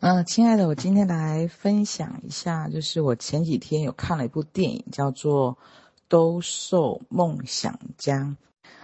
嗯、呃，親愛的，我今天來分享一下，就是我前幾天有看了一部電影，叫做《兜售夢想家》。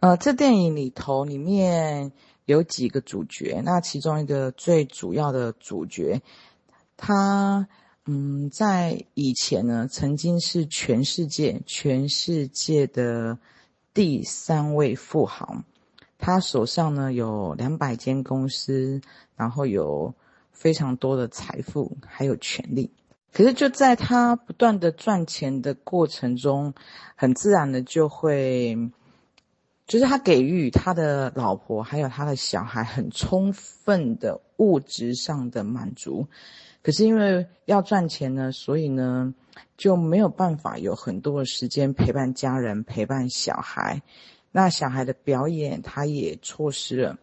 呃，這電影裡頭裡面有幾個主角，那其中一個最主要的主角，他嗯，在以前呢，曾經是全世界全世界的第三位富豪，他手上呢有兩百間公司，然後有非常多的財富還有權力，可是就在他不斷的賺錢的過程中，很自然的就會，就是他給予他的老婆還有他的小孩很充分的物質上的滿足，可是因為要賺錢呢，所以呢就沒有辦法有很多的時間陪伴家人陪伴小孩，那小孩的表演他也錯失了。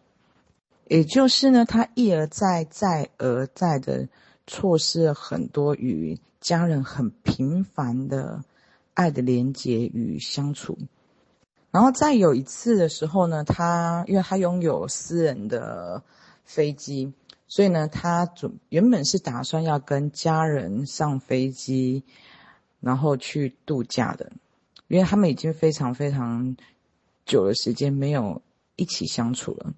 也就是呢，他一而再、再而再的錯失了很多與家人很平凡的愛的連接與相處。然後再有一次的時候呢，他因為他擁有私人的飛機，所以呢，他原原本是打算要跟家人上飛機，然後去度假的，因為他們已經非常非常久的時間沒有一起相處了。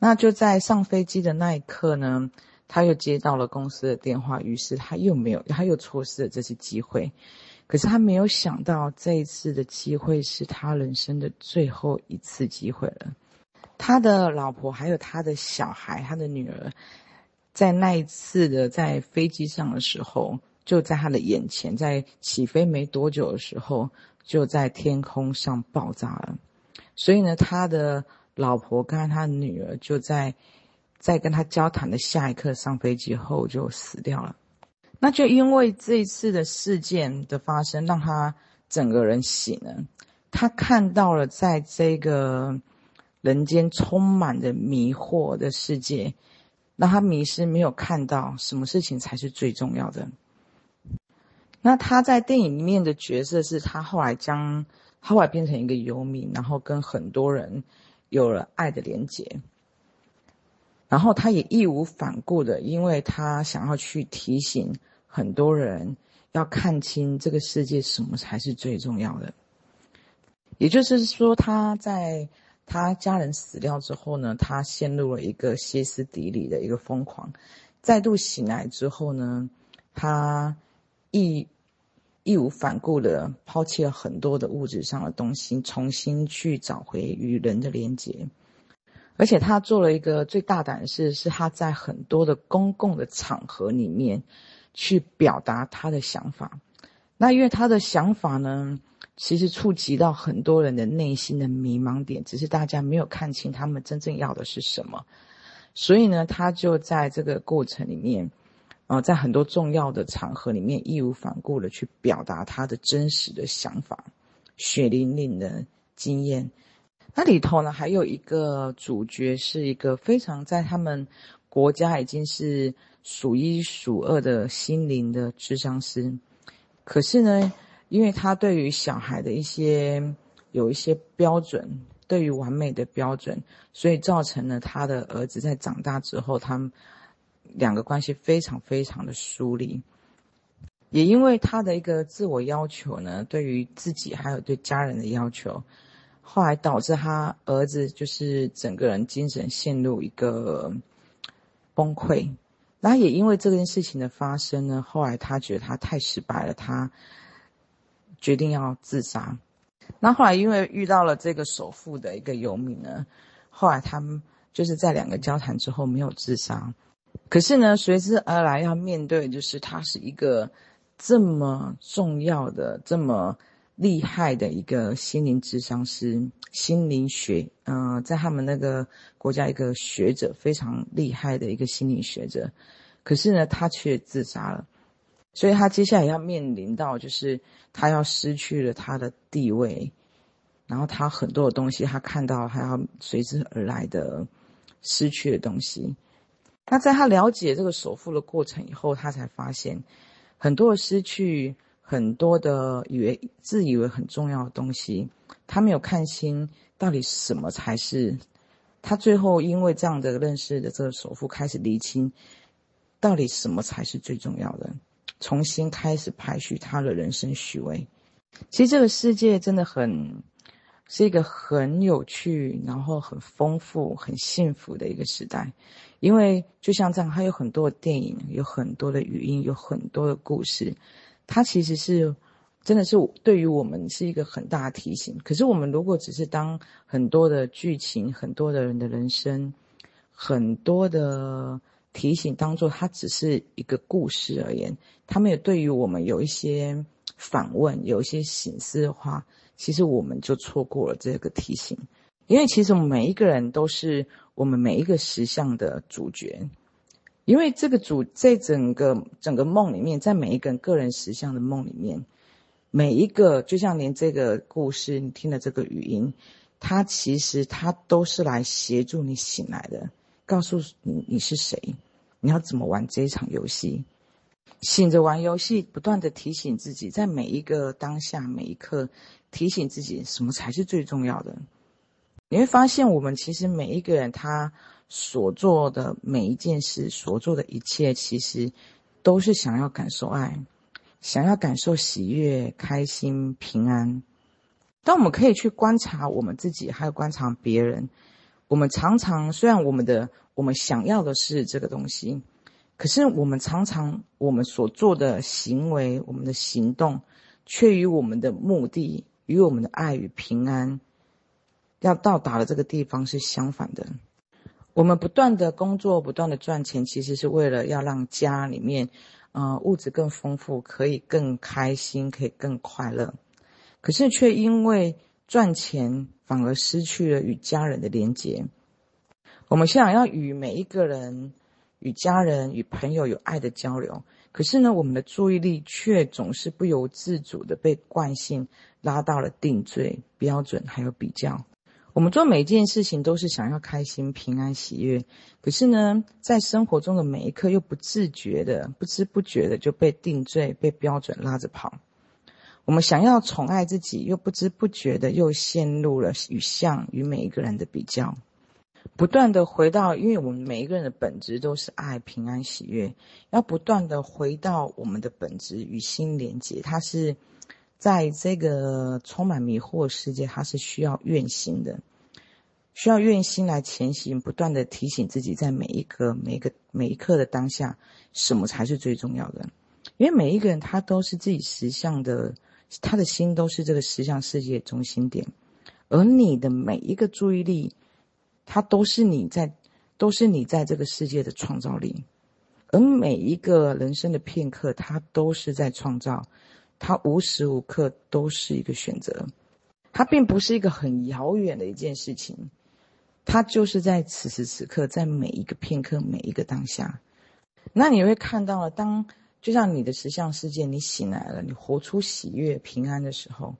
那就在上飛機的那一刻呢，他又接到了公司的電話，於是他又沒有，他又錯失了這次機會。可是他沒有想到，這一次的機會是他人生的最後一次機會了。他的老婆還有他的小孩，他的女兒，在那一次的在飛機上的時候，就在他的眼前，在起飛沒多久的時候，就在天空上爆炸了。所以呢，他的。老婆跟他女兒就在在跟他交談的下一刻上飛機後就死掉了。那就因為這一次的事件的發生，讓他整個人醒了。他看到了在這個人間充滿着迷惑的世界，讓他迷失，沒有看到什麼事情才是最重要的。那他在電影裡面的角色是他後來將後來變成一個遊民，然後跟很多人。有了愛的連結。然後他也義無反顧的，因為他想要去提醒很多人要看清這個世界什麼才是最重要的。也就是說，他在他家人死掉之後呢，他陷入了一個歇斯底里的一個瘋狂，再度醒來之後呢，他一，義無反顧的拋棄了很多的物質上的東西，重新去找回與人的連接。而且他做了一個最大膽的事，是他在很多的公共的場合裡面去表達他的想法。那因為他的想法呢，其實觸及到很多人的內心的迷茫點，只是大家沒有看清他們真正要的是什麼。所以呢，他就在這個過程裡面。啊、呃，在很多重要的場合裡面，義無反顧地去表達他的真實的想法，血淋淋的經驗。那裡頭呢，還有一個主角是一個非常在他們國家已經是數一數二的心靈的諮商師，可是呢，因為他對於小孩的一些有一些標準，對於完美的標準，所以造成了他的兒子在長大之後，他們。兩個關係非常非常的疏離，也因為他的一個自我要求呢，對於自己還有對家人的要求，後來導致他兒子就是整個人精神陷入一個崩潰。那也因為這件事情的發生呢，後來他覺得他太失敗了，他決定要自殺。那後來因為遇到了這個首富的一個遊民呢，後來他們就是在兩個交談之後沒有自殺。可是呢，隨之而來要面對就是，他是一個這麼重要的、這麼厲害的一個心靈智商師、心靈學，嗯、呃，在他們那個國家一個學者非常厲害的一個心靈學者。可是呢，他卻自殺了，所以他接下來要面臨到就是他要失去了他的地位，然後他很多的東西他看到還要隨之而來的失去的東西。那在他了解這個首富的過程以後，他才發現很多的失去，很多的以為自以為很重要的東西，他沒有看清到底什麼才是。他最後因為這樣的認識的這個首富開始釐清到底什麼才是最重要的，重新開始排序他的人生序位。其實這個世界真的很。是一個很有趣，然後很豐富、很幸福的一個時代，因為就像這樣，它有很多的電影，有很多的語音，有很多的故事，它其實是，真的是對於我們是一個很大的提醒。可是我們如果只是當很多的劇情、很多的人的人生、很多的提醒當做它只是一個故事而言，它沒有對於我們有一些反問、有一些省思的話。其實我們就錯過了這個提醒，因為其實我們每一個人都是我們每一個實相的主角，因為這個主這整個整個夢裡面，在每一個，個人個人實相的夢裡面，每一個就像連這個故事你聽了這個語音，它其實它都是來協助你醒來的，告訴你你是誰，你要怎麼玩這一場遊戲。醒着玩遊戲，不斷地提醒自己，在每一個當下每一刻，提醒自己什麼才是最重要的。你會發現，我們其實每一個人他所做的每一件事，所做的一切，其實都是想要感受愛，想要感受喜悅、開心、平安。當我們可以去觀察我們自己，還有觀察別人，我們常常雖然我們的我們想要的是這個東西。可是我們常常，我們所做的行為、我們的行動，卻與我們的目的、與我們的愛與平安，要到達的這個地方是相反的。我們不斷的工作、不斷的賺錢，其實是為了要讓家裡面，啊、呃，物質更豐富，可以更開心，可以更快樂。可是卻因為賺錢，反而失去了與家人的連結。我們想要與每一個人。與家人、與朋友有愛的交流，可是呢，我們的注意力卻總是不由自主的被慣性拉到了定罪、標準，還有比較。我們做每一件事情都是想要開心、平安、喜悅，可是呢，在生活中的每一刻又不自覺的、不知不覺的就被定罪、被標準拉着跑。我們想要寵愛自己，又不知不覺的又陷入了與相、與每一個人的比較。不斷的回到，因為我們每一個人的本質都是愛、平安、喜悅，要不斷的回到我們的本質與心連接。它是在這個充滿迷惑的世界，它是需要願心的，需要願心來前行。不斷的提醒自己，在每一個、每個、每一刻的當下，什麼才是最重要的？因為每一個人他都是自己實相的，他的心都是這個實相世界中心點，而你的每一個注意力。它都是你在，都是你在這個世界的創造力，而每一個人生的片刻，它都是在創造，它無時無刻都是一個選擇，它並不是一個很遙遠的一件事情，它就是在此時此刻，在每一個片刻，每一個當下，那你會看到了，當就像你的實相世界，你醒來了，你活出喜悅、平安的時候，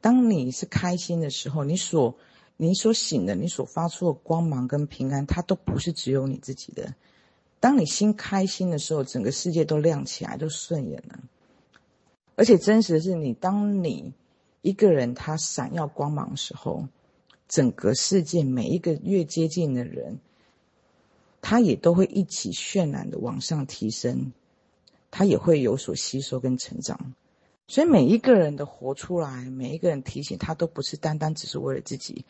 當你是開心的時候，你所。你所醒的，你所發出的光芒跟平安，它都不是只有你自己的。當你心開心的時候，整個世界都亮起來，都順眼了。而且真實的是，你當你一個人他閃耀光芒的時候，整個世界每一個越接近的人，他也都會一起渲染的往上提升，他也會有所吸收跟成長。所以每一個人的活出來，每一個人提醒他，都不是單單只是為了自己，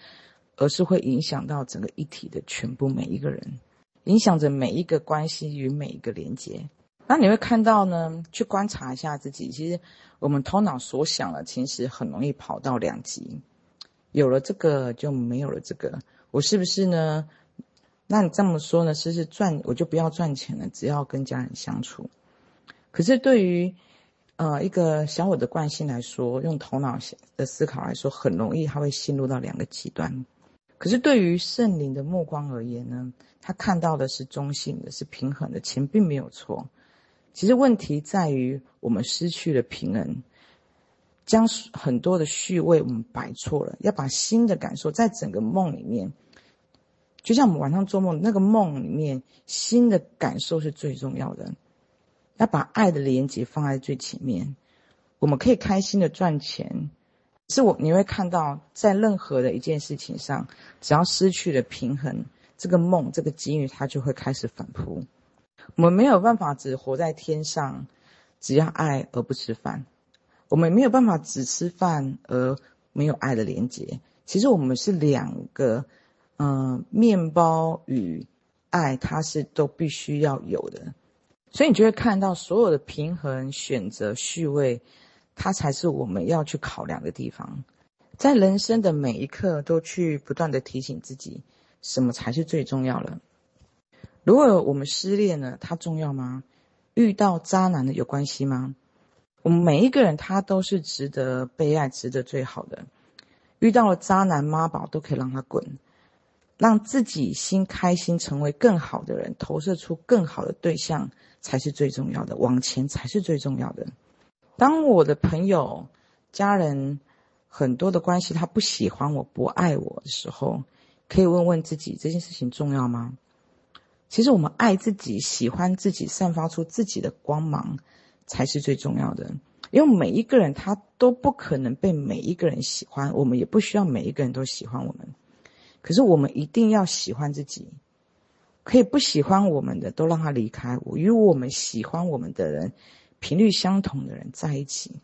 而是會影響到整個一體的全部每一個人，影響着每一個關係與每一個連接。那你會看到呢？去觀察一下自己，其實我們頭腦所想的，其實很容易跑到兩極，有了這個就沒有了這個。我是不是呢？那你這麼說呢？是不是賺我就不要賺錢了，只要跟家人相處？可是對於。呃，一個小我的慣性來說，用頭腦的思考來說，很容易他會陷入到兩個極端。可是對於聖靈的目光而言呢，他看到的是中性的，是平衡的，錢並沒有錯。其實問題在於我們失去了平衡，將很多的序位我們擺錯了。要把心的感受在整個夢裡面，就像我們晚上做夢，那個夢裡面心的感受是最重要的。要把愛的連接放在最前面，我們可以開心的賺錢，是我你會看到，在任何的一件事情上，只要失去了平衡，這個夢，這個機遇，它就會開始反撲。我們沒有辦法只活在天上，只要愛而不吃飯；我們沒有辦法只吃飯而沒有愛的連接。其實我們是兩個，嗯、呃，麵包與愛，它是都必須要有的。所以你就會看到，所有的平衡、選擇、序位，它才是我們要去考量的地方。在人生的每一刻，都去不斷的提醒自己，什麼才是最重要的。如果我們失戀了，它重要嗎？遇到渣男的有關係嗎？我們每一個人，他都是值得被愛、值得最好的。遇到了渣男、媽寶，都可以讓他滾。讓自己心開心，成為更好的人，投射出更好的對象才是最重要的。往前才是最重要的。當我的朋友、家人很多的關係，他不喜歡我、不愛我的時候，可以問問自己：這件事情重要嗎？其實我們愛自己、喜歡自己、散發出自己的光芒才是最重要的。因為每一個人他都不可能被每一個人喜歡，我們也不需要每一個人都喜歡我們。可是我們一定要喜歡自己，可以不喜歡我們的都讓他離開我，與我們喜歡我們的人、頻率相同的人在一起。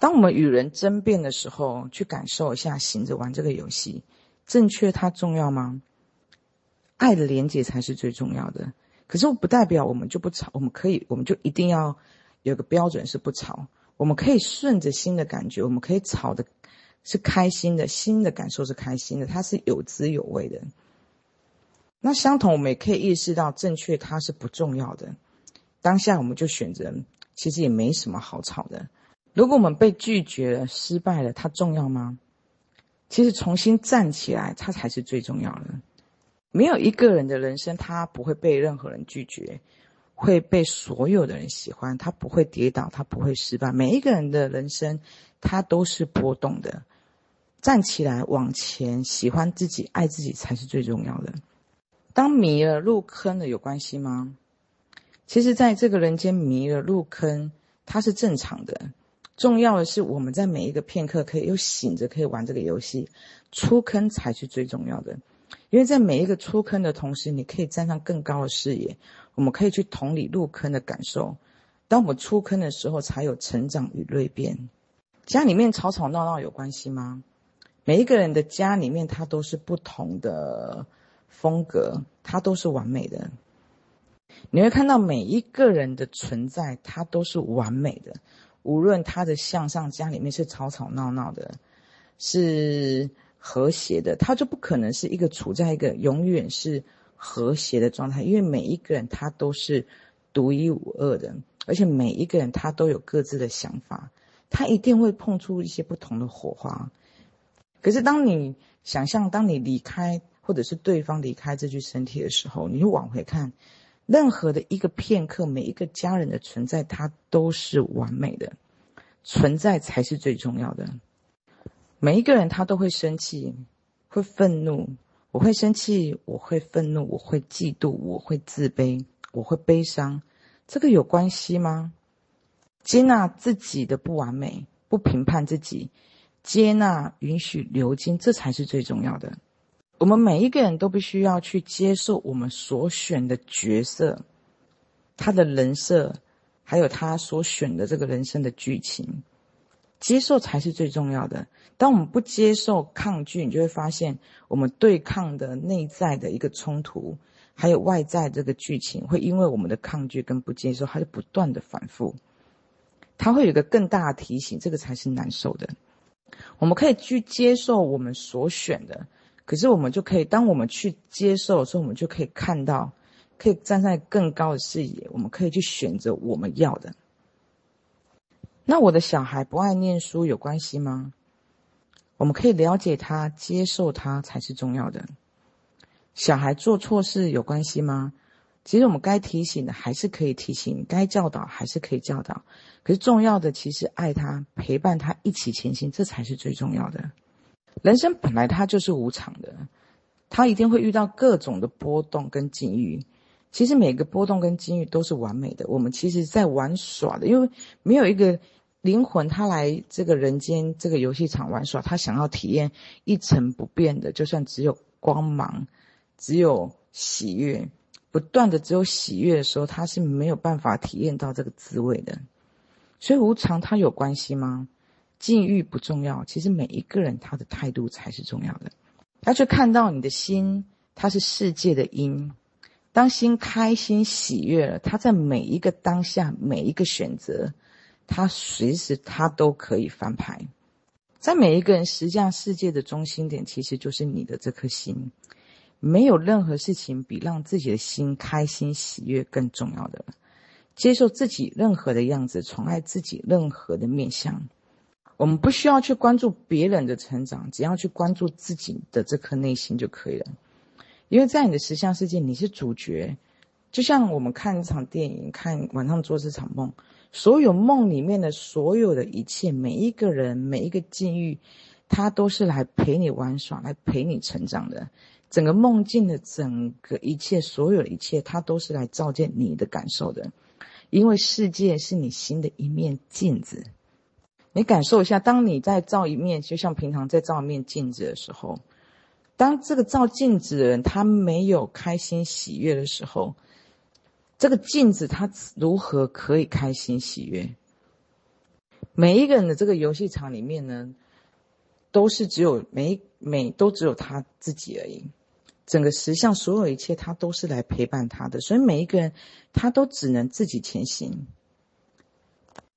當我們與人爭辯的時候，去感受一下，醒著玩這個遊戲，正確它重要嗎？愛的連結才是最重要的。可是我不代表我們就不吵，我們可以，我們就一定要有個標準是不吵，我們可以順着心的感覺，我們可以吵的。是開心的，心的感受是開心的，它是有滋有味的。那相同，我們也可以意識到，正確它是不重要的。當下我們就選擇，其實也沒什麼好吵的。如果我們被拒絕了、失敗了，它重要嗎？其實重新站起來，它才是最重要的。沒有一個人的人生，他不會被任何人拒絕，會被所有的人喜歡。他不會跌倒，他不會失敗。每一個人的人生，它都是波動的。站起來，往前，喜歡自己，愛自己才是最重要的。當迷了入坑了有關係嗎？其實，在這個人間迷了入坑，它是正常的。重要的是，我們在每一個片刻可以又醒着，可以玩這個遊戲，出坑才是最重要的。因為在每一個出坑的同時，你可以站上更高的視野，我們可以去同理入坑的感受。當我們出坑的時候，才有成長與蛻變。家裡面吵吵鬧鬧有關係嗎？每一個人的家裡面，他都是不同的風格，他都是完美的。你會看到每一個人的存在，他都是完美的。無論他的向上家裡面是吵吵鬧鬧的，是和諧的，他就不可能是一個處在一個永遠是和諧的狀態，因為每一個人他都是獨一無二的，而且每一個人他都有各自的想法，他一定會碰出一些不同的火花。可是，當你想象當你離開，或者是對方離開這具身體的時候，你就往回看，任何的一個片刻，每一個家人的存在，它都是完美的，存在才是最重要的。每一個人他都會生氣，會憤怒，我會生氣，我會憤怒，我會嫉妒，我會自卑，我會悲傷，這個有關係嗎？接納自己的不完美，不評判自己。接納、允許流經，這才是最重要的。我們每一個人都必須要去接受我們所選的角色，他的人設，還有他所選的這個人生的劇情。接受才是最重要的。當我們不接受、抗拒，你就會發現我們對抗的內在的一個衝突，還有外在這個劇情，會因為我們的抗拒跟不接受，它就不斷的反覆。它會有一個更大的提醒，這個才是難受的。我們可以去接受我們所選的，可是我們就可以，當我們去接受的時候，我們就可以看到，可以站在更高的視野，我們可以去選擇我們要的。那我的小孩不愛念書有關係嗎？我們可以了解他，接受他才是重要的。小孩做錯事有關係嗎？其實我們該提醒的還是可以提醒，該教導還是可以教導。可是重要的其實愛他，陪伴他一起前行，這才是最重要的。人生本來它就是無常的，他一定會遇到各種的波動跟境遇。其實每個波動跟境遇都是完美的。我們其實在玩耍的，因為沒有一個靈魂他來這個人間這個遊戲場玩耍，他想要體驗一成不變的，就算只有光芒，只有喜悅。不斷的只有喜悅的時候，他是沒有辦法體驗到這個滋味的。所以無常它有關係嗎？境遇不重要，其實每一個人他的態度才是重要的。他去看到你的心，它是世界的因。當心開心喜悅了，他在每一個當下，每一個選擇，他隨時他都可以翻牌。在每一個人實相世界的中心點，其實就是你的這顆心。沒有任何事情比讓自己的心開心喜悅更重要的了。接受自己任何的樣子，寵愛自己任何的面相。我們不需要去關注別人的成長，只要去關注自己的這顆內心就可以了。因為在你的實相世界，你是主角。就像我們看一場電影，看晚上做這場夢，所有夢裡面的所有的一切，每一個人，每一個境遇，他都是來陪你玩耍，來陪你成長的。整個夢境的整個一切，所有的一切，它都是來照見你的感受的，因為世界是你心的一面鏡子。你感受一下，當你在照一面，就像平常在照一面鏡子的時候，當這個照鏡子的人他沒有開心喜悅的時候，這個鏡子它如何可以開心喜悅？每一個人的這個遊戲場裡面呢，都是只有每每都只有他自己而已。整個實相，所有一切，他都是來陪伴他的，所以每一個人他都只能自己前行，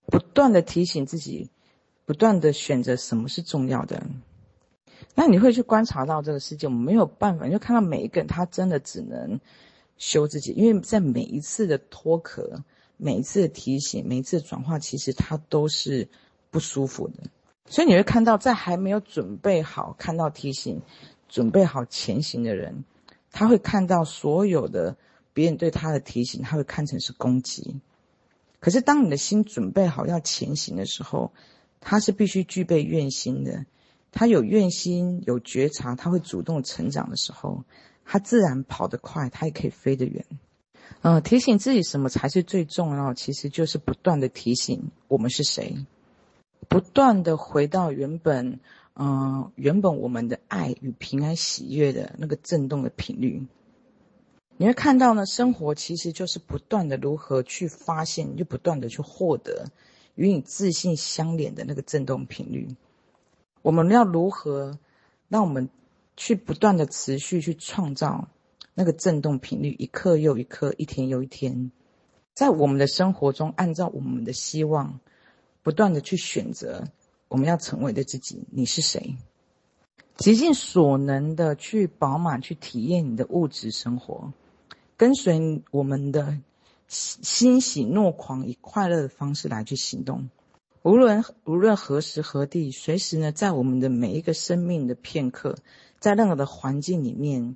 不斷地提醒自己，不斷地選擇什麼是重要的。那你會去觀察到這個世界，我們沒有辦法，你就看到每一個人他真的只能修自己，因為在每一次的脫殼、每一次的提醒、每一次的轉化，其實他都是不舒服的。所以你會看到，在還沒有準備好看到提醒。準備好前行的人，他會看到所有的別人對他的提醒，他會看成是攻擊。可是當你的心準備好要前行的時候，他是必須具備願心的。他有願心，有覺察，他會主動成長的時候，他自然跑得快，他也可以飛得遠。嗯，提醒自己什麼才是最重要？其實就是不斷的提醒我們是誰，不斷的回到原本。嗯、呃，原本我們的愛與平安、喜悅的那個振動的頻率，你會看到呢。生活其實就是不斷的如何去發現，又不斷的去獲得與你自信相連的那個振動頻率。我們要如何讓我們去不斷的持續去創造那個振動頻率？一刻又一刻，一天又一天，在我們的生活中，按照我們的希望，不斷的去選擇。我們要成為的自己，你是誰？竭盡所能的去飽滿，去體驗你的物質生活，跟隨我們的欣喜若狂，以快樂的方式來去行動。無論無論何時何地，隨時呢，在我們的每一個生命的片刻，在任何的環境裡面，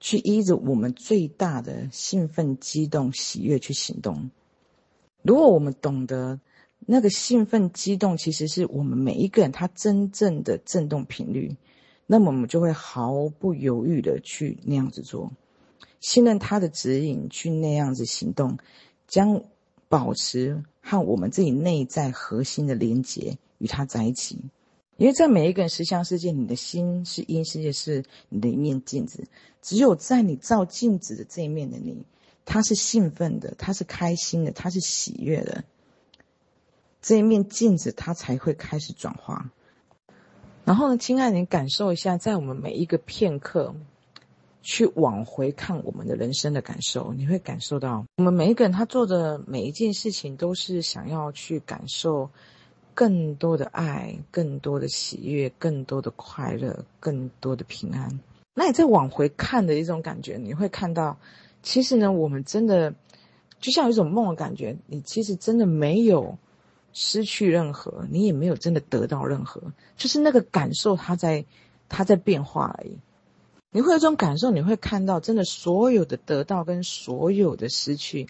去依着我們最大的興奮、激動、喜悅去行動。如果我們懂得。那個興奮、激動，其實是我們每一個人他真正的振動頻率。那麼我們就會毫不猶豫的去那樣子做，信任他的指引去那樣子行動，將保持和我們自己內在核心的連接，與他在一起。因為在每一個人實相世界，你的心是因，世界，是你的一面鏡子。只有在你照鏡子的這一面的你，他是興奮的，他是開心的，他是喜悅的。這一面鏡子，它才會開始轉化。然後呢，親愛，你感受一下，在我們每一個片刻，去往回看我們的人生的感受，你會感受到，我們每一個人他做的每一件事情，都是想要去感受更多的愛、更多的喜悅、更多的快樂、更多的平安。那你在往回看的一種感覺，你會看到，其實呢，我們真的就像有一種夢的感覺，你其實真的沒有。失去任何，你也沒有真的得到任何，就是那個感受，它在，它在變化而已。你會有這種感受，你會看到，真的所有的得到跟所有的失去，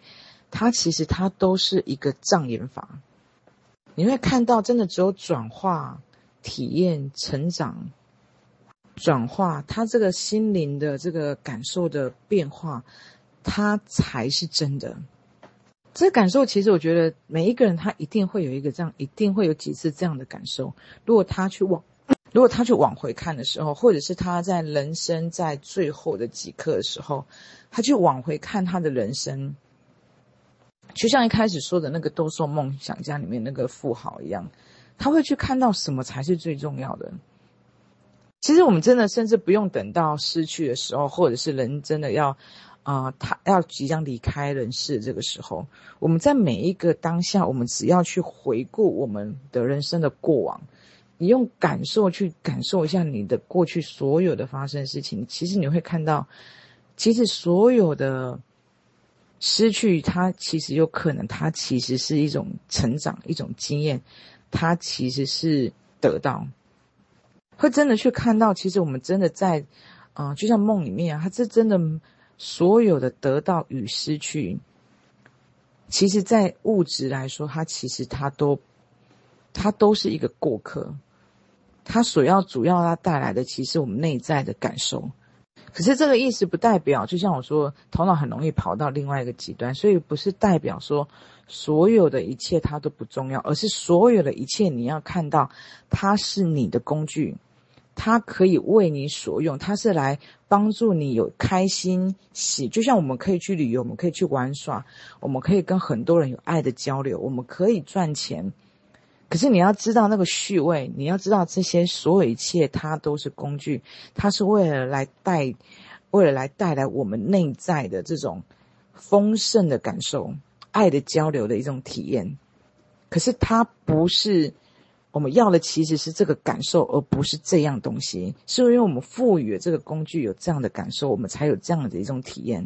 它其實它都是一個障眼法。你會看到，真的只有轉化、體驗、成長、轉化，它這個心靈的這個感受的變化，它才是真的。這感受，其實我覺得每一個人他一定會有一個這樣，一定會有幾次這樣的感受。如果他去往，如果他去往回看的時候，或者是他在人生在最後的幾刻的時候，他去往回看他的人生，就像一開始說的那個《兜售夢想家》裡面那個富豪一樣，他會去看到什麼才是最重要的。其實我們真的甚至不用等到失去的時候，或者是人真的要。啊、呃，他要即將離開人世，這個時候，我們在每一個當下，我們只要去回顧我們的人生的過往，你用感受去感受一下你的過去所有的發生事情，其實你會看到，其實所有的失去，它其實有可能，它其實是一種成長，一種經驗，它其實是得到，會真的去看到，其實我們真的在，啊、呃，就像夢裡面、啊，它是真的。所有的得到與失去，其實，在物質來說，它其實它都，它都是一個過客。它所要主要它帶來的，其實我們內在的感受。可是這個意思不代表，就像我說，頭腦很容易跑到另外一個極端，所以不是代表說所有的一切它都不重要，而是所有的一切你要看到，它是你的工具。它可以為你所用，它是來幫助你有開心喜，就像我們可以去旅遊，我們可以去玩耍，我們可以跟很多人有愛的交流，我們可以賺錢。可是你要知道那個序位，你要知道這些所有一切，它都是工具，它是為了來帶，為了來帶來我們內在的這種豐盛的感受、愛的交流的一種體驗。可是它不是。我們要的其實是這個感受，而不是這樣東西。是因為我們賦予了這個工具有這樣的感受，我們才有這樣的一種體驗。